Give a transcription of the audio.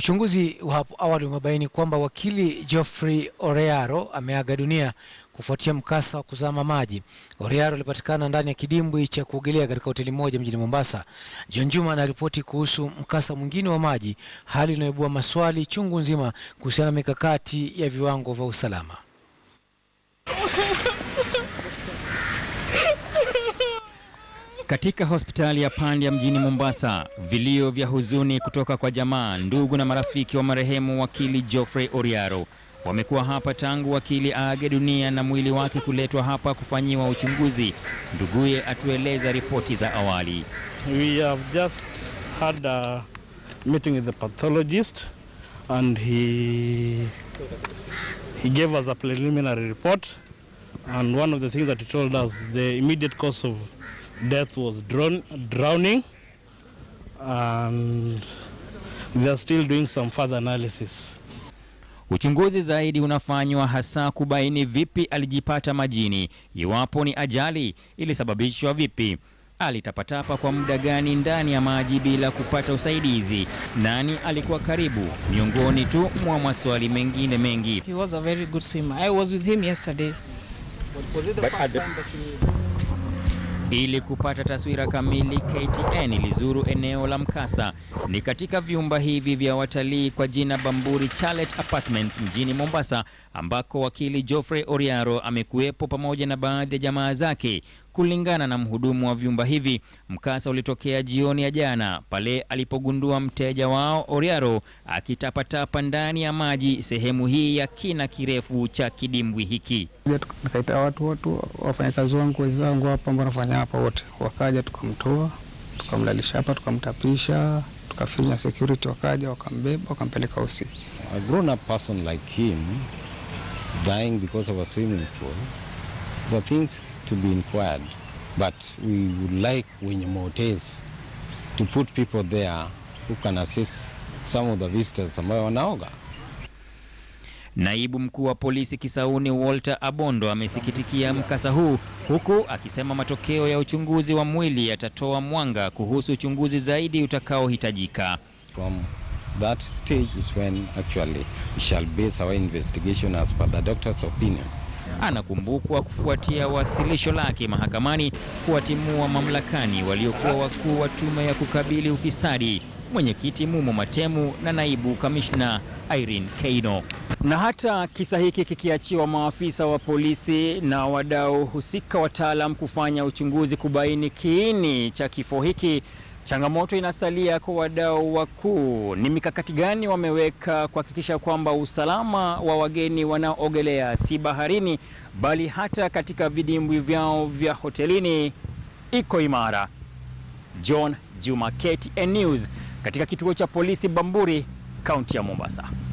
Uchunguzi wa hapo awali umebaini kwamba wakili Geoffrey Orearo ameaga dunia kufuatia mkasa wa kuzama maji. Orearo alipatikana ndani ya kidimbwi cha kuogelea katika hoteli moja mjini Mombasa. John Juma anaripoti kuhusu mkasa mwingine wa maji, hali inayoibua maswali chungu nzima kuhusiana na mikakati ya viwango vya usalama. Katika hospitali ya Pandya mjini Mombasa, vilio vya huzuni kutoka kwa jamaa, ndugu na marafiki wa marehemu wakili Geoffrey Oriaro wamekuwa hapa tangu wakili aage dunia na mwili wake kuletwa hapa kufanyiwa uchunguzi. Nduguye atueleza ripoti za awali. We have just had a meeting with the pathologist and he he gave us a preliminary report and one of the things that he told us the immediate cause of death was drawn, drowning and they are still doing some further analysis. Uchunguzi zaidi unafanywa hasa kubaini vipi alijipata majini, iwapo ni ajali ilisababishwa vipi, alitapatapa kwa muda gani ndani ya maji bila kupata usaidizi, nani alikuwa karibu, miongoni tu mwa maswali mengine mengi. He was a very good swimmer. I was with him yesterday. But was it the But first time that you... Ili kupata taswira kamili, KTN ilizuru eneo la mkasa ni katika vyumba hivi vya watalii kwa jina Bamburi Chalet Apartments mjini Mombasa, ambako wakili Geoffrey Oriaro amekuwepo pamoja na baadhi ya jamaa zake. Kulingana na mhudumu wa vyumba hivi, mkasa ulitokea jioni ya jana pale alipogundua mteja wao Oriaro akitapatapa ndani ya maji sehemu hii ya kina kirefu cha kidimbwi hiki. Tukaita watu watu, wafanyakazi wangu wenzangu hapa ambao wanafanya hapa wote, wakaja tukamtoa tukamlalisha hapa, tukamtapisha, tukafinya security, wakaja wakambeba, wakampeleka usi. A grown up person like him dying because of a swimming pool the things to be inquired but we would like wenye motes to put people there who can assist some of the visitors ambayo wanaoga Naibu mkuu wa polisi Kisauni Walter Abondo amesikitikia mkasa huu huku akisema matokeo ya uchunguzi wa mwili yatatoa mwanga kuhusu uchunguzi zaidi utakaohitajika. From that stage is when actually we shall base our investigation as per the doctor's opinion. Anakumbukwa kufuatia wasilisho lake mahakamani kuwatimua mamlakani waliokuwa wakuu wa tume ya kukabili ufisadi, mwenyekiti Mumo Matemu na naibu kamishna Irene Keino. Na hata kisa hiki kikiachiwa maafisa wa polisi na wadau husika wataalam kufanya uchunguzi kubaini kiini cha kifo hiki, changamoto inasalia kwa wadau wakuu. Ni mikakati gani wameweka kuhakikisha kwamba usalama wa wageni wanaoogelea si baharini, bali hata katika vidimbwi vyao vya hotelini iko imara? John Juma, KTN News, katika kituo cha polisi Bamburi. County a Mombasa.